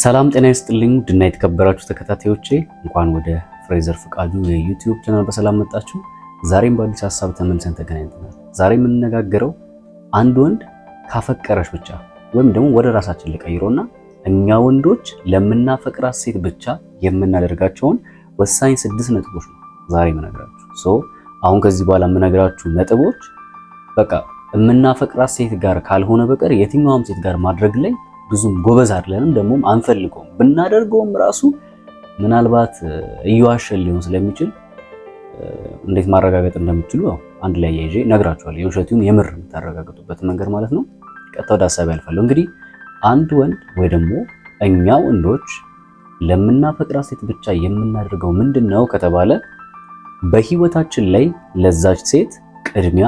ሰላም ጤና ይስጥልኝ ውድና የተከበራችሁ ተከታታዮቼ እንኳን ወደ ፍሬዘር ፍቃዱ የዩቲዩብ ቻናል በሰላም መጣችሁ። ዛሬም በአዲስ ሀሳብ ተመልሰን ተገናኝተናል። ዛሬ የምንነጋገረው አንድ ወንድ ካፈቀረች ብቻ ወይም ደግሞ ወደ ራሳችን ልቀይሮና እኛ ወንዶች ለምናፈቅራት ሴት ብቻ የምናደርጋቸውን ወሳኝ ስድስት ነጥቦች ነው ዛሬ የምነግራችሁ። ሶ አሁን ከዚህ በኋላ የምነግራችሁ ነጥቦች በቃ የምናፈቅራት ሴት ጋር ካልሆነ በቀር የትኛውም ሴት ጋር ማድረግ ላይ ብዙም ጎበዝ አይደለንም፣ ደግሞ አንፈልገውም። ብናደርገውም ራሱ ምናልባት እየዋሸን ሊሆን ስለሚችል እንዴት ማረጋገጥ እንደምትችሉ አንድ ላይ ያይዤ ነግራችኋል። የውሸቱን የምር የምታረጋግጡበት መንገድ ማለት ነው። ቀጥታ ወደ ሀሳብ ያልፋለሁ። እንግዲህ አንድ ወንድ ወይ ደግሞ እኛ ወንዶች ለምናፈቅራት ሴት ብቻ የምናደርገው ምንድን ነው ከተባለ በህይወታችን ላይ ለዛች ሴት ቅድሚያ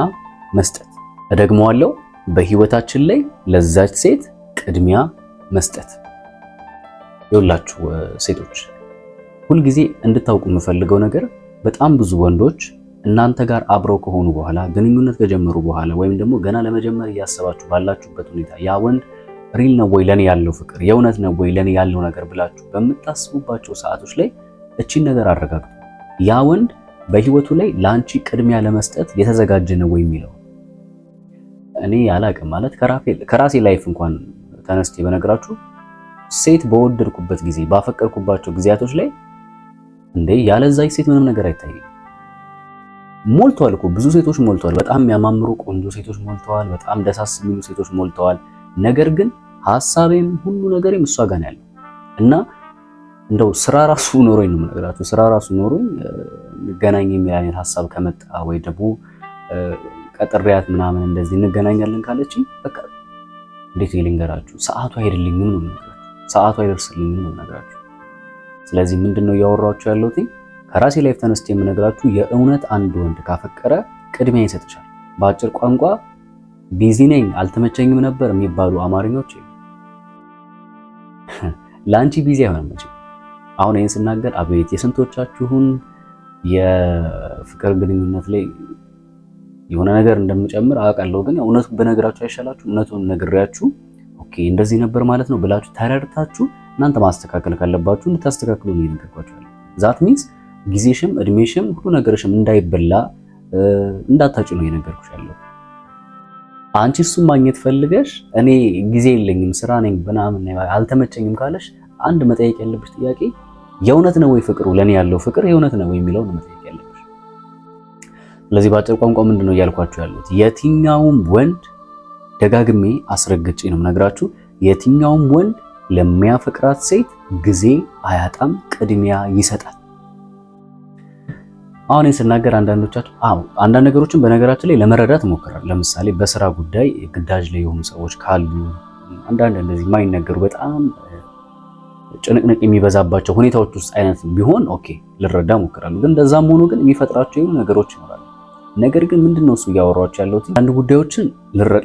መስጠት። እደግመዋለሁ፣ በህይወታችን ላይ ለዛች ሴት ቅድሚያ መስጠት። የሁላችሁ ሴቶች ሁልጊዜ እንድታውቁ የምፈልገው ነገር በጣም ብዙ ወንዶች እናንተ ጋር አብረው ከሆኑ በኋላ ግንኙነት ከጀመሩ በኋላ ወይም ደግሞ ገና ለመጀመር እያሰባችሁ ባላችሁበት ሁኔታ ያ ወንድ ሪል ነው ወይ ለኔ ያለው ፍቅር የእውነት ነው ወይ ለኔ ያለው ነገር ብላችሁ በምታስቡባቸው ሰዓቶች ላይ እቺን ነገር አረጋግጡ። ያ ወንድ በህይወቱ ላይ ለአንቺ ቅድሚያ ለመስጠት የተዘጋጀ ነው ወይ የሚለው እኔ አላቅም። ማለት ከራሴ ላይፍ እንኳን ተነስቼ በነግራችሁ ሴት በወደድኩበት ጊዜ ባፈቀርኩባቸው ጊዜያቶች ላይ እንዴ ያለዛ ሴት ምንም ነገር አይታይም። ሞልቷል እኮ ብዙ ሴቶች ሞልተዋል። በጣም የሚያማምሩ ቆንጆ ሴቶች ሞልተዋል። በጣም ደሳስ የሚሉ ሴቶች ሞልተዋል። ነገር ግን ሐሳቤም ሁሉ ነገሬም እሷ ጋር ነው ያለው እና እንደው ስራ ራሱ ኖሮኝ ነው የምነግራችሁ። ስራ ራሱ ኖሮኝ እንገናኝ የሚል አይነት ሀሳብ ከመጣ ወይ ደግሞ ቀጥሪያት ምናምን እንደዚህ እንገናኛለን ካለችኝ በቃ እንዴት ልንገራችሁ? ሰዓቱ አይደለኝም ነው የምነግራችሁ። ሰዓቱ አይደርስልኝም ነው የምነግራችሁ። ስለዚህ ምንድነው እያወራችሁ ያለሁት? ከራሴ ላይፍ ተነስቼ የምነግራችሁ የእውነት አንድ ወንድ ካፈቀረ ቅድሚያ ይሰጥሻል። በአጭር ቋንቋ ቢዚ ነኝ አልተመቸኝም ነበር የሚባሉ አማርኞች ለአንቺ ቢዚ አይሆንም እንጂ አሁን ይህን ስናገር አቤት የስንቶቻችሁን የፍቅር ግንኙነት ላይ የሆነ ነገር እንደምጨምር አውቃለሁ። ግን እውነቱ በነገራችሁ አይሻላችሁ? እውነቱን ነግሬያችሁ ኦኬ እንደዚህ ነበር ማለት ነው ብላችሁ ተረድታችሁ እናንተ ማስተካከል ካለባችሁ እንድታስተካክሉ ነው የነገርኳችኋለሁ። ዛት ሚንስ ጊዜሽም እድሜሽም ሁሉ ነገርሽም እንዳይበላ እንዳታጭ ነው የነገርኩሽ ያለው። አንቺ እሱን ማግኘት ፈልገሽ እኔ ጊዜ የለኝም ስራ ነኝ ምናምን አልተመቸኝም ካለሽ አንድ መጠየቅ ያለብሽ ጥያቄ የእውነት ነው ወይ ፍቅሩ ለእኔ ያለው ፍቅር የእውነት ነው ወይ የሚለው ነው ስለዚህ በአጭር ቋንቋ ምንድን ነው እያልኳችሁ ያሉት? የትኛውም ወንድ ደጋግሜ አስረግጬ ነው ነግራችሁ፣ የትኛውም ወንድ ለሚያፈቅራት ሴት ጊዜ አያጣም፣ ቅድሚያ ይሰጣል። አሁን ስናገር አንዳንዶቻችሁ አዎ፣ አንዳንድ ነገሮችን በነገራችን ላይ ለመረዳት እሞክራለሁ። ለምሳሌ በስራ ጉዳይ ግዳጅ ላይ የሆኑ ሰዎች ካሉ አንዳንድ እንደዚህ የማይነገሩ በጣም ጭንቅንቅ የሚበዛባቸው ሁኔታዎች ውስጥ አይነት ቢሆን ኦኬ ልረዳ እሞክራለሁ። ግን እንደዛም ሆኖ ግን የሚፈጥራቸው የሆኑ ነገሮች ይኖራሉ። ነገር ግን ምንድን ነው እሱ እያወራዎች ያለሁት አንድ ጉዳዮችን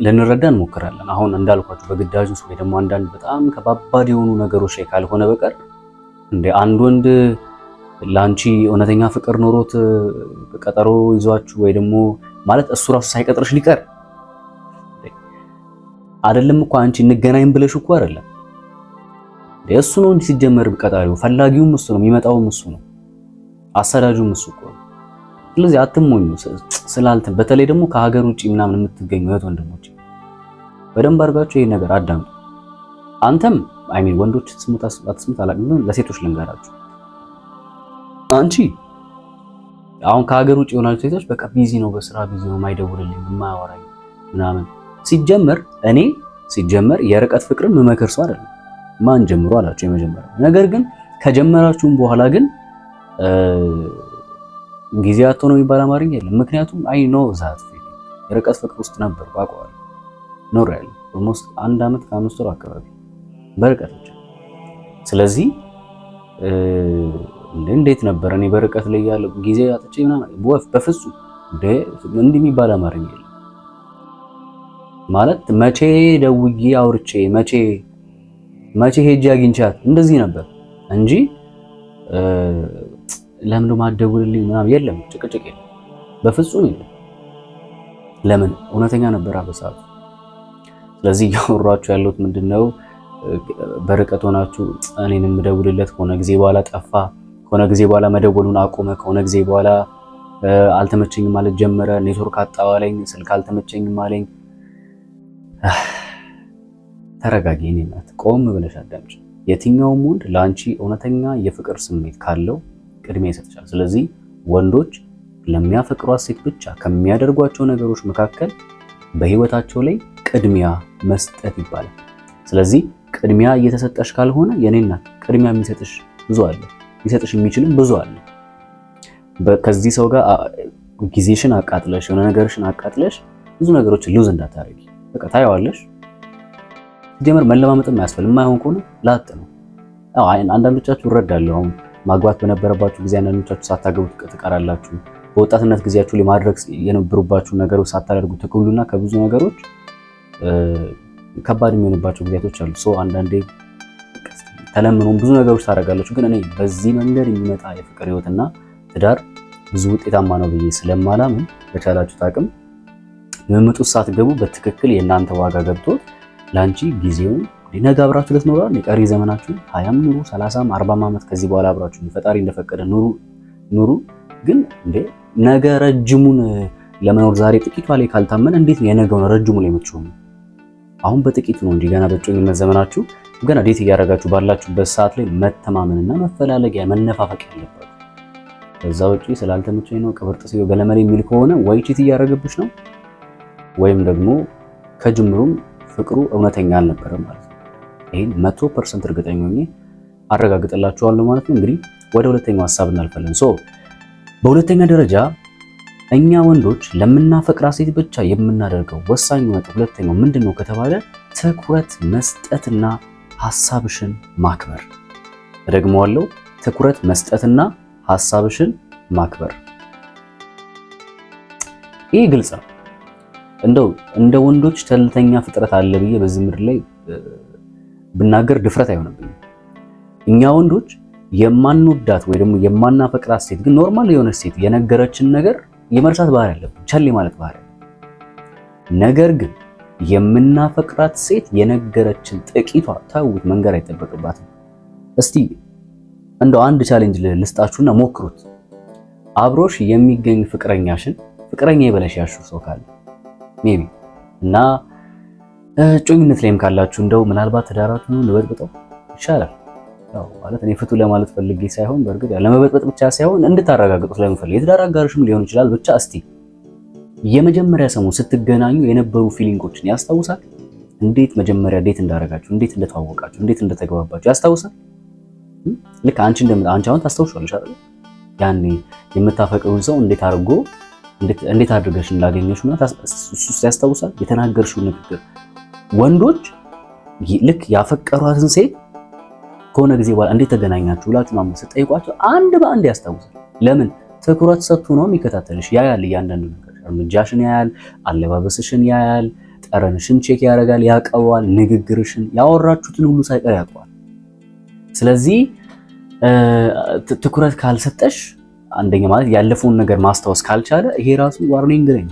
ልንረዳ እንሞክራለን። አሁን እንዳልኳችሁ በግዳጅ ውስጥ ወይ ደግሞ አንዳንድ በጣም ከባባድ የሆኑ ነገሮች ላይ ካልሆነ በቀር እንደ አንድ ወንድ ለአንቺ እውነተኛ ፍቅር ኖሮት ቀጠሮ ይዟችሁ ወይ ደግሞ ማለት እሱ ራሱ ሳይቀጥርሽ ሊቀር አይደለም እኮ አንቺ እንገናኝ ብለሽ እኮ አይደለም እሱ ነው እንጂ ሲጀመር ቀጣሪው ፈላጊውም እሱ ነው፣ የሚመጣውም እሱ ነው፣ አሳዳጁም እሱ እኮ ነው። ስለዚህ አትሞኙ። ስላልትን በተለይ ደግሞ ከሀገር ውጭ ምናምን የምትገኙ እህት ወንድሞች በደንብ አድርጋችሁ ይሄን ነገር አዳምጡ። አንተም አይ ሚን ወንዶች ስሙት አትስሙት አላውቅም፣ ለሴቶች ልንገራችሁ። አንቺ አሁን ከሀገር ውጭ የሆናችሁ ሴቶች በቃ ቢዚ ነው፣ በስራ ቢዚ ነው፣ የማይደውልልኝ የማያወራኝ ምናምን። ሲጀመር እኔ ሲጀመር የርቀት ፍቅርን መመከር ሰው አይደለም። ማን ጀምሮ አላችሁ የመጀመሪያው ነገር ግን ከጀመራችሁም በኋላ ግን ጊዜ አቶ ነው የሚባል አማርኛ የለም። ምክንያቱም አይ ኖ ዛት የርቀት ፍቅር ውስጥ ነበር አውቀዋለሁ። ኖር ያለ ኦልሞስት አንድ አመት ከአምስት ወር አካባቢ በርቀት ብቻ። ስለዚህ እንዴት ነበር እኔ በርቀት ላይ ያለው ጊዜ አጥቼ ምናምን ወፍ በፍጹም እንዲህ የሚባል አማርኛ የለም። ማለት መቼ ደውዬ አውርቼ መቼ መቼ ሄጄ አግኝቻት እንደዚህ ነበር እንጂ ለምን ማደውልልኝ ምናምን የለም፣ ጭቅጭቅ የለም፣ በፍጹም የለም። ለምን እውነተኛ ነበር በሰዓቱ። ስለዚህ እያወራችሁ ያለሁት ምንድነው በርቀት ሆናችሁ እኔን የምደውልለት ከሆነ ጊዜ በኋላ ጠፋ፣ ከሆነ ጊዜ በኋላ መደወሉን አቆመ፣ ከሆነ ጊዜ በኋላ አልተመቸኝም ማለት ጀመረ፣ ኔትወርክ አጣዋለኝ፣ ስልክ አልተመቸኝም አለኝ። ተረጋጊ፣ እኔ ናት። ቆም ብለሽ አዳምጪ። የትኛውም ወንድ ለአንቺ እውነተኛ የፍቅር ስሜት ካለው ቅድሚያ ይሰጥሻል። ስለዚህ ወንዶች ለሚያፈቅሯት ሴት ብቻ ከሚያደርጓቸው ነገሮች መካከል በህይወታቸው ላይ ቅድሚያ መስጠት ይባላል። ስለዚህ ቅድሚያ እየተሰጠሽ ካልሆነ የኔና ቅድሚያ የሚሰጥሽ ብዙ አለ፣ ሊሰጥሽ የሚችልም ብዙ አለ። ከዚህ ሰው ጋር ጊዜሽን አቃጥለሽ የሆነ ነገርሽን አቃጥለሽ ብዙ ነገሮችን ሉዝ እንዳታረጊ። በቃ ታየዋለሽ። ጀመር መለማመጥ አያስፈልም። የማይሆን ከሆነ ላጥ ነው። አንዳንዶቻችሁ እረዳለሁ አሁን ማግባት በነበረባችሁ ጊዜ አንዳንዶቻችሁ ሳታገቡ ትቀራላችሁ። በወጣትነት ጊዜያችሁ ለማድረግ የነበሩባችሁ ነገሮች ሳታደርጉ ትክሉና ከብዙ ነገሮች ከባድ የሚሆንባቸው ጊዜያቶች አሉ። ሰው አንዳንዴ ተለምኖም ብዙ ነገሮች ታደርጋላችሁ። ግን እኔ በዚህ መንገድ የሚመጣ የፍቅር ህይወትና ትዳር ብዙ ውጤታማ ነው ብዬ ስለማላምን በቻላችሁ ታቅም የምመጡት ሳትገቡ በትክክል የእናንተ ዋጋ ገብቶት ለአንቺ ጊዜውን ሊነጋ አብራችሁ ልትኖራል። የቀሪ ዘመናችሁ ሀያም ኑሩ፣ ሰላሳም አርባም ዓመት ከዚህ በኋላ አብራችሁ ፈጣሪ እንደፈቀደ ኑሩ ኑሩ። ግን እንዴ ነገ ረጅሙን ለመኖር ዛሬ ጥቂቷ ላይ ካልታመን እንዴት ነው የነገውን ረጅሙን ላይ አሁን በጥቂቱ ነው እንጂ ገና በጮኝነት ዘመናችሁ ገና ዴት እያደረጋችሁ ባላችሁበት ሰዓት ላይ መተማመንና መፈላለግ መነፋፈቅ ያለባችሁ። ከዛ ውጪ ስላልተመቸኝ ነው ቅብር ጥስዮ ገለመሌ የሚል ከሆነ ወይ ቺት እያደረገብሽ ነው ወይም ደግሞ ከጅምሩም ፍቅሩ እውነተኛ አልነበረም ማለት ነው። ይህን መቶ ፐርሰንት እርግጠኛ ሆኜ አረጋግጥላችኋለሁ ማለት ነው። እንግዲህ ወደ ሁለተኛው ሀሳብ እናልፋለን። ሶ በሁለተኛ ደረጃ እኛ ወንዶች ለምናፈቅራት ሴት ብቻ የምናደርገው ወሳኙ ነጥብ ሁለተኛው ምንድን ነው ከተባለ ትኩረት መስጠትና ሀሳብሽን ማክበር። እደግመዋለሁ፣ ትኩረት መስጠትና ሀሳብሽን ማክበር። ይህ ግልጽ ነው። እንደው እንደ ወንዶች ተልተኛ ፍጥረት አለ ብዬ በዚህ ምድር ላይ ብናገር ድፍረት አይሆንብኝም። እኛ ወንዶች የማንወዳት ወይ ደግሞ የማናፈቅራት ሴት ግን ኖርማል የሆነች ሴት የነገረችን ነገር የመርሳት ባህሪ አለብን፣ ቸል ማለት ባህሪ። ነገር ግን የምናፈቅራት ሴት የነገረችን ጥቂቷ ታውት መንገር አይጠበቅባትም። እስቲ እንደው አንድ ቻሌንጅ ልስጣችሁና ሞክሩት። አብሮሽ የሚገኝ ፍቅረኛሽን ፍቅረኛ የበለሽ ያሹ ሰው ካለ ሜቢ እና እጮኝነት ላይም ካላችሁ እንደው ምናልባት ትዳራችሁ ነው ልበጥብጠው ይሻላል። ያው ማለት እኔ ፍቱ ለማለት ፈልጌ ሳይሆን በእርግጥ ያው ለመበጥበጥ ብቻ ሳይሆን እንድታረጋግጡ ስለምፈልግ የትዳር አጋርሽም ሊሆን ይችላል። ብቻ እስቲ የመጀመሪያ ሰሞን ስትገናኙ የነበሩ ፊሊንጎችን ያስታውሳል? እንዴት መጀመሪያ እንዴት እንዳረጋችሁ፣ እንዴት እንደተዋወቃችሁ፣ እንዴት እንደተገባባችሁ ያስታውሳል? ልክ አንቺ እንደምን አንቺ አሁን ታስታውሻለሽ አይደል? ያኔ የምታፈቅሩን ሰው እንዴት አድርጎ እንዴት አድርገሽ እንዳገኘሽ እና እሱ ያስታውሳል። የተናገርሽው ንግግር ወንዶች ልክ ያፈቀሯትን ሴት ከሆነ ጊዜ በኋላ እንዴት ተገናኛችሁ ብላችሁ ማሞ ስጠይቋቸው አንድ በአንድ ያስታውሳል። ለምን ትኩረት ሰጥቶ ነው የሚከታተልሽ። ያያል፣ እያንዳንዱ ነገር እርምጃሽን ያያል፣ አለባበስሽን ያያል፣ ጠረንሽን ቼክ ያደርጋል፣ ያቀዋል፣ ንግግርሽን፣ ያወራችሁትን ሁሉ ሳይቀር ያውቀዋል። ስለዚህ ትኩረት ካልሰጠሽ አንደኛ ማለት ያለፈውን ነገር ማስታወስ ካልቻለ ይሄ ራሱ ዋርኒንግ ነኝ፣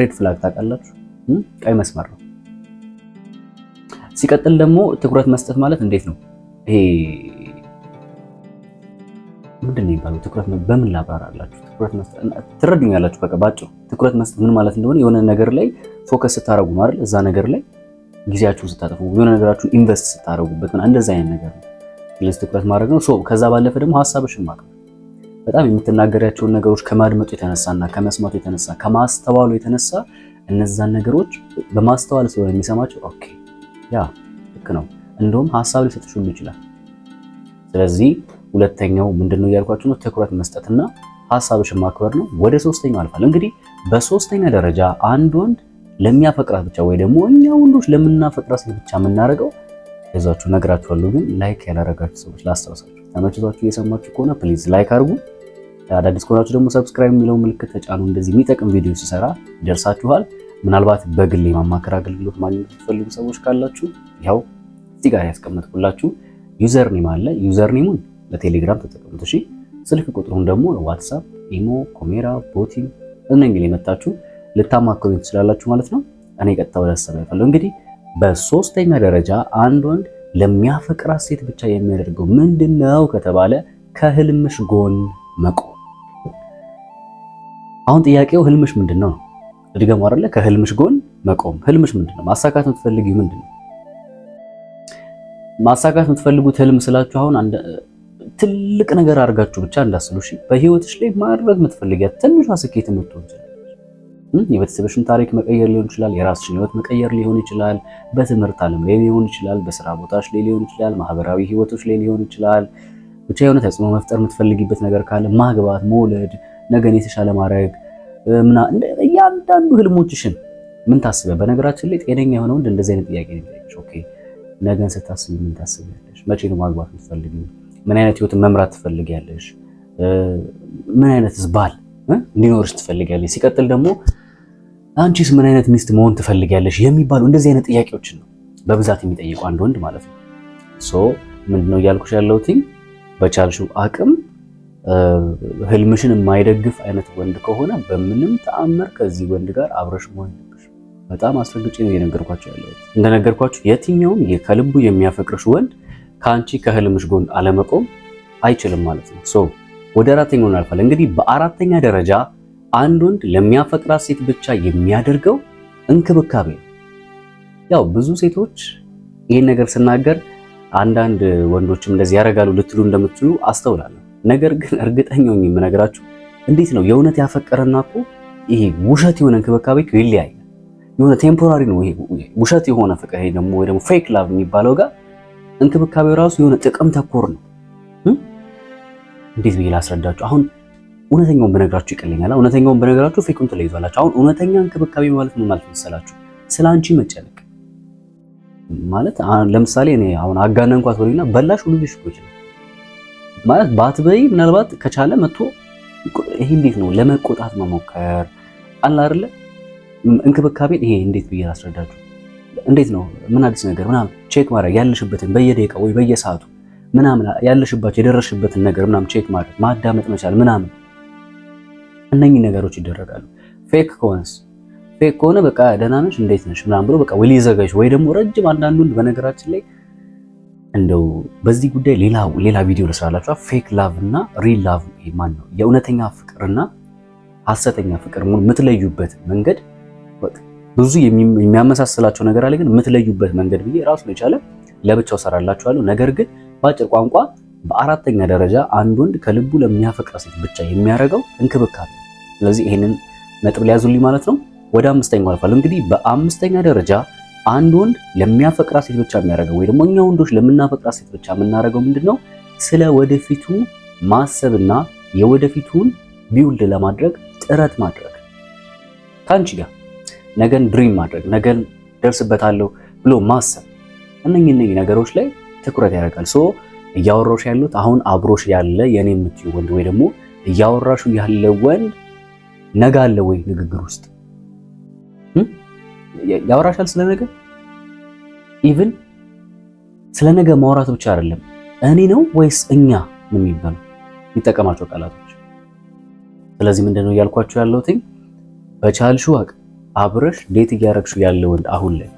ሬድ ፍላግ ታውቃላችሁ፣ ቀይ መስመር ነው። ሲቀጥል ደግሞ ትኩረት መስጠት ማለት እንዴት ነው ይሄ ምንድን ነው የሚባለው? ትኩረት በምን ላብራራላችሁ? ትኩረት መስጠት ትረዱኛላችሁ። በቃ ባጭሩ ትኩረት መስጠት ምን ማለት እንደሆነ የሆነ ነገር ላይ ፎከስ ስታደርጉ ማለት እዛ ነገር ላይ ጊዜያችሁን ስታጠፉ የሆነ ነገራችሁን ኢንቨስት ስታደርጉበት እንደዛ አይነት ነገር ነው። ስለዚህ ትኩረት ማድረግ ነው። ሶ ከዛ ባለፈ ደግሞ ሀሳብሽን ማቅረብ በጣም የምትናገሪያቸውን ነገሮች ከማድመጡ የተነሳ የተነሳና ከመስማቱ የተነሳ ከማስተዋሉ የተነሳ እነዛን ነገሮች በማስተዋል ስለሆነ የሚሰማቸው ኦኬ ያ ልክ ነው። እንደውም ሀሳብ ሊሰጥሽ ሁሉ ይችላል። ስለዚህ ሁለተኛው ምንድነው እያልኳችሁ ነው፣ ትኩረት መስጠትና ሀሳብሽን ማክበር ነው። ወደ ሶስተኛው አልፋል። እንግዲህ በሶስተኛ ደረጃ አንድ ወንድ ለሚያፈቅራት ብቻ ወይ ደግሞ እኛ ወንዶች ለምናፈቅራት ሴት ብቻ የምናደርገው እዛችሁ ነግራችኋለሁ። ግን ላይክ ያላረጋችሁ ሰዎች ላስታውሳችሁ፣ ተመችቷችሁ እየሰማችሁ ከሆነ ፕሊዝ ላይክ አድርጉ። አዳዲስ ከሆናችሁ ደግሞ ሰብስክራይብ የሚለው ምልክት ተጫኑ። እንደዚህ የሚጠቅም ቪዲዮ ሲሰራ ይደርሳችኋል። ምናልባት በግል የማማከር አገልግሎት ማግኘት የምትፈልጉ ሰዎች ካላችሁ ያው እዚህ ጋር ያስቀመጥኩላችሁ ዩዘር አለ። ዩዘር በቴሌግራም ለቴሌግራም ተጠቀሙት። እሺ ስልክ ቁጥሩን ደግሞ ዋትሳፕ፣ ኢሞ፣ ኮሜራ፣ ቦቲም እነኝ ላይ መታችሁ ትችላላችሁ ማለት ነው። እኔ ቀጥታ ወደ ሀሳብ ያፈለው እንግዲህ በሶስተኛ ደረጃ አንድ ወንድ ለሚያፈቅራት ሴት ብቻ የሚያደርገው ምንድነው ከተባለ ከህልምሽ ጎን መቆም። አሁን ጥያቄው ህልምሽ ምንድን ነው? ልድገም አይደለ? ከህልምሽ ጎን መቆም። ህልምሽ ምንድን ነው? ማሳካት የምትፈልጊው ምንድን ነው? ማሳካት የምትፈልጉት ህልም ስላችሁ አሁን ትልቅ ነገር አድርጋችሁ ብቻ እንዳስሉ። እሺ፣ በህይወትሽ ላይ ማድረግ የምትፈልጊያት ትንሿ ስኬት የምትሆን የቤተሰብሽን ታሪክ መቀየር ሊሆን ይችላል። የራስሽን ህይወት መቀየር ሊሆን ይችላል። በትምህርት ዓለም ላይ ሊሆን ይችላል። በስራ ቦታሽ ላይ ሊሆን ይችላል። ማህበራዊ ህይወቶች ላይ ሊሆን ይችላል። ብቻ የሆነ ተጽዕኖ መፍጠር የምትፈልጊበት ነገር ካለ ማግባት፣ መውለድ፣ ነገን የተሻለ ማድረግ ምና እያንዳንዱ ህልሞችሽን ምን ታስበ። በነገራችን ላይ ጤነኛ የሆነ ወንድ እንደዚህ አይነት ጥያቄ ነው የሚጠይቅሽ። ኦኬ ነገን ስታስቢ ምን ታስቢያለሽ? መቼ ነው ማግባት የምትፈልጊ? ምን አይነት ህይወትን መምራት ትፈልጊያለሽ? ምን አይነትስ ባል እንዲኖርሽ ትፈልጊያለሽ? ሲቀጥል ደግሞ አንቺስ ምን አይነት ሚስት መሆን ትፈልጊያለሽ? የሚባሉ እንደዚህ አይነት ጥያቄዎችን ነው በብዛት የሚጠይቁ አንድ ወንድ ማለት ነው። ሶ ምንድነው እያልኩሽ ያለሁት በቻልሽው አቅም ህልምሽን የማይደግፍ አይነት ወንድ ከሆነ በምንም ተአምር ከዚህ ወንድ ጋር አብረሽ መሆን በጣም አስረግጬ ነው የነገርኳቸው ያለሁት። እንደነገርኳቸው የትኛውም ከልቡ የሚያፈቅርሽ ወንድ ከአንቺ ከህልምሽ ጎን አለመቆም አይችልም ማለት ነው። ሶ ወደ አራተኛው እናልፋል። እንግዲህ በአራተኛ ደረጃ አንድ ወንድ ለሚያፈቅራት ሴት ብቻ የሚያደርገው እንክብካቤ ነው። ያው ብዙ ሴቶች ይህን ነገር ስናገር አንዳንድ ወንዶችም እንደዚህ ያደርጋሉ ልትሉ እንደምትሉ አስተውላለሁ። ነገር ግን እርግጠኛ ነኝ የምነግራችሁ እንዴት ነው የእውነት ያፈቀረና እኮ ይሄ ውሸት የሆነ እንክብካቤ እኮ ይለያያል። የሆነ ቴምፖራሪ ነው ይሄ ውሸት የሆነ ፍቅር ይሄ ደግሞ ወይ ደግሞ ፌክ ላቭ የሚባለው ጋር እንክብካቤው ራሱ የሆነ ጥቅም ተኮር ነው። እንዴት ብዬ ላስረዳችሁ? አሁን እውነተኛውን በነግራችሁ ይቀለኛል። እውነተኛውን በነግራችሁ ፌኩን ትለይዟላችሁ። አሁን እውነተኛ እንክብካቤ ማለት ምን ማለት መሰላችሁ? ስለ አንቺ መጨነቅ ማለት ለምሳሌ እኔ አሁን አጋነንኳት ወሪና በላሽ ሁሉ ይሽኩ ይችላል ማለት ባትበይ ምናልባት ከቻለ መጥቶ ይሄ እንዴት ነው ለመቆጣት መሞከር አለ አይደለ? እንክብካቤን ይሄ እንዴት ብዬ ላስረዳችሁ? እንዴት ነው ምን አዲስ ነገር ምናምን ቼክ ማድረግ ያለሽበትን በየደቂቃ ወይ በየሰዓቱ ምናምን ያለሽባቸው የደረሽበትን ነገር ምናምን ቼክ ማድረግ ማዳመጥ መቻል ምናምን እነኚህ ነገሮች ይደረጋሉ። ፌክ ከሆነስ ፌክ ከሆነ በቃ ደህና ነሽ እንዴት ነሽ ምናምን ብሎ በቃ ወይ ሊዘጋሽ ወይ ደግሞ ረጅም አንዳንዱን በነገራችን ላይ እንደው በዚህ ጉዳይ ሌላ ሌላ ቪዲዮ ልስራላችሁ። ፌክ ላቭ እና ሪል ላቭ ማን ነው የእውነተኛ ፍቅርና ሐሰተኛ ፍቅር የምትለዩበት መንገድ ብዙ የሚያመሳስላቸው ነገር አለ፣ ግን የምትለዩበት መንገድ ብዬ ራሱ የቻለ ለብቻው ሰራላችኋለሁ። ነገር ግን በአጭር ቋንቋ በአራተኛ ደረጃ አንድ ወንድ ከልቡ ለሚያፈቅር ሴት ብቻ የሚያደርገው እንክብካቤ። ስለዚህ ይሄንን ነጥብ ሊያዙልኝ ማለት ነው። ወደ አምስተኛው አልፋለሁ። እንግዲህ በአምስተኛ ደረጃ አንድ ወንድ ለሚያፈቅራ ሴት ብቻ የሚያደርገው ወይ ደግሞ እኛ ወንዶች ለምናፈቅራት ሴት ብቻ የምናደርገው ምንድነው? ስለ ወደፊቱ ማሰብና የወደፊቱን ቢውልድ ለማድረግ ጥረት ማድረግ ከአንቺ ጋር ነገን ድሪም ማድረግ ነገን ደርስበታለሁ ብሎ ማሰብ እነኚህ እነኚህ ነገሮች ላይ ትኩረት ያደርጋል። ሶ እያወራሽ ያሉት አሁን አብሮሽ ያለ የኔ የምትዩ ወንድ ወይ ደግሞ እያወራሹ ያለ ወንድ ነጋ አለ ወይ ንግግር ውስጥ ያወራሻል ስለ ነገ። ኢቭን ስለ ነገ ማውራት ብቻ አይደለም እኔ ነው ወይስ እኛ ነው የሚባለው የሚጠቀማቸው ቃላቶች። ስለዚህ ምንድነው እያልኳችሁ ያለሁት በቻልሹ አቅ አብረሽ ዴት እያረግሽው ያለ ወንድ አሁን ላይ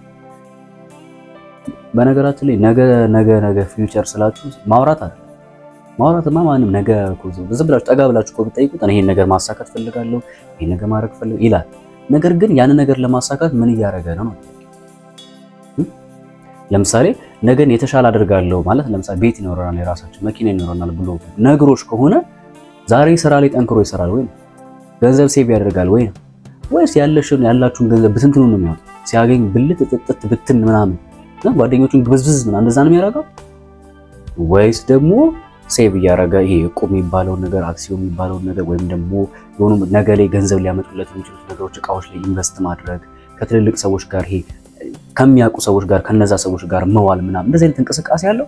በነገራችን ላይ ነገ ነገ ነገ ፊውቸር ስላችሁ ማውራት አለ ማውራትማ ማንም ነገ ዝም ብላችሁ ጠጋ ብላችሁ እኮ ይሄን ነገር ማሳካት ፈልጋለሁ ይሄን ነገር ማድረግ ፈልጋለሁ ይላል። ነገር ግን ያንን ነገር ለማሳካት ምን እያደረገ ነው? ለምሳሌ ነገን የተሻለ አድርጋለሁ ማለት ለምሳሌ ቤት ይኖረናል፣ የራሳችን መኪና ይኖረናል ብሎ ነገሮች ከሆነ ዛሬ ስራ ላይ ጠንክሮ ይሰራል ወይ ገንዘብ ሴቭ ያደርጋል ወይ ወይስ ያለሽን ያላችሁን ገንዘብ ብትንትኑ ነው የሚያወጣው? ሲያገኝ ብልት ጥጥት ብትን ምናምን ጓደኞቹን ብዝብዝ ምናምን እንደዛ ነው የሚያደርገው ወይስ ደግሞ ሴቭ እያደረገ ይሄ እቁ የሚባለውን ነገር አክሲዮን የሚባለውን ነገር ወይም ደግሞ የሆኑ ነገ ላይ ገንዘብ ሊያመጡለት የሚችሉት ነገሮች እቃዎች ላይ ኢንቨስት ማድረግ ከትልልቅ ሰዎች ጋር ይሄ ከሚያውቁ ሰዎች ጋር ከነዛ ሰዎች ጋር መዋል ምናምን እንደዚህ አይነት እንቅስቃሴ ያለው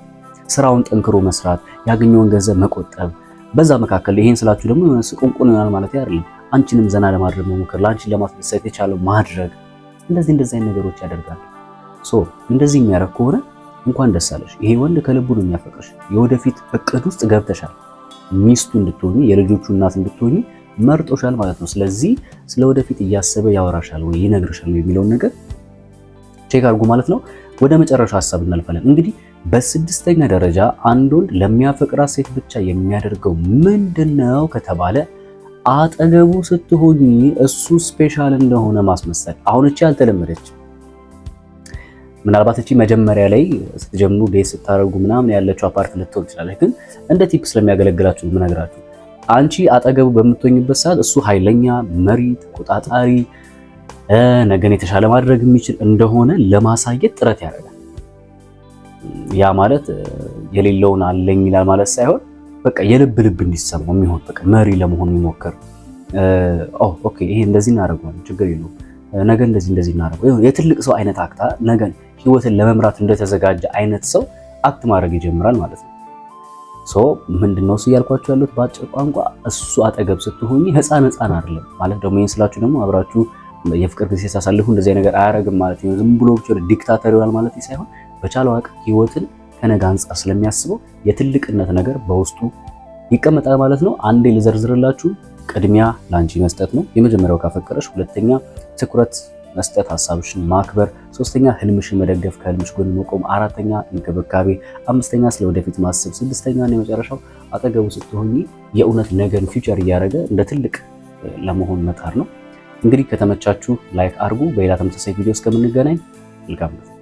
ስራውን ጠንክሮ መስራት ያገኘውን ገንዘብ መቆጠብ በዛ መካከል ይሄን ስላችሁ ደግሞ ስቁንቁን ይሆናል ማለት አይደለም። አንቺንም ዘና ለማድረግ መሞከር፣ ለአንቺን ለማስደሰት የቻለው ማድረግ እንደዚህ እንደዚህ አይነት ነገሮች ያደርጋል። ሶ እንደዚህ የሚያደርግ ከሆነ እንኳን ደስ አለሽ። ይሄ ወንድ ከልቡ ነው የሚያፈቅርሽ። የወደፊት እቅድ ውስጥ ገብተሻል። ሚስቱ እንድትሆኚ የልጆቹ እናት እንድትሆኚ መርጦሻል ማለት ነው። ስለዚህ ስለ ወደፊት እያሰበ ያወራሻል ወይ ይነግርሻል የሚለውን ነገር ቼክ አድርጉ ማለት ነው። ወደ መጨረሻ ሀሳብ እናልፋለን። እንግዲህ በስድስተኛ ደረጃ አንድ ወንድ ለሚያፈቅራት ሴት ብቻ የሚያደርገው ምንድነው ከተባለ አጠገቡ ስትሆኚ እሱ ስፔሻል እንደሆነ ማስመሰል። አሁን እቺ አልተለመደች ምናልባት እቺ መጀመሪያ ላይ ስትጀምሩ ቤት ስታደርጉ ምናምን ያለችው አፓርት ልትሆን ትችላለች። ግን እንደ ቲፕ ስለሚያገለግላችሁ ምነግራችሁ አንቺ አጠገቡ በምትሆኝበት ሰዓት እሱ ኃይለኛ መሪ፣ ተቆጣጣሪ፣ ነገን የተሻለ ማድረግ የሚችል እንደሆነ ለማሳየት ጥረት ያደርጋል። ያ ማለት የሌለውን አለኝ ይላል ማለት ሳይሆን በቃ የልብ ልብ እንዲሰማው የሚሆን በቃ መሪ ለመሆን የሚሞክር ኦኬ፣ ይሄ እንደዚህ እናደርገዋለን፣ ችግር የለውም፣ ነገ እንደዚህ እንደዚህ እናደርገው የትልቅ ሰው አይነት አክታ ነገን ህይወትን ለመምራት እንደተዘጋጀ አይነት ሰው አክት ማድረግ ይጀምራል ማለት ነው። ሶ ምንድነው እሱ እያልኳችሁ ያሉት በአጭር ቋንቋ እሱ አጠገብ ስትሆኚ ህፃን ህፃን አይደለም ማለት ደግሞ ይህን ስላችሁ ደግሞ አብራችሁ የፍቅር ጊዜ ሳሳልፉ እንደዚህ ነገር አያረግም ማለት ነው። ዝም ብሎ ብቻ ዲክታተር ይሆናል ማለት ሳይሆን በቻለው አቅም ህይወትን ከነገ አንጻር ስለሚያስበው የትልቅነት ነገር በውስጡ ይቀመጣል ማለት ነው። አንዴ ልዘርዝርላችሁ። ቅድሚያ ላንቺ መስጠት ነው የመጀመሪያው፣ ካፈቀረሽ። ሁለተኛ ትኩረት መስጠት፣ ሀሳብሽን ማክበር፣ ሶስተኛ ህልምሽን መደገፍ፣ ከህልምሽ ጎን መቆም፣ አራተኛ እንክብካቤ፣ አምስተኛ ስለወደፊት ማሰብ፣ ስድስተኛ እና የመጨረሻው አጠገቡ ስትሆኚ የእውነት ነገን ፊውቸር እያደረገ እንደ ትልቅ ለመሆን መጣር ነው። እንግዲህ ከተመቻችሁ ላይክ አድርጉ። በሌላ ተመሳሳይ ቪዲዮ እስከምንገናኝ መልካም ነው።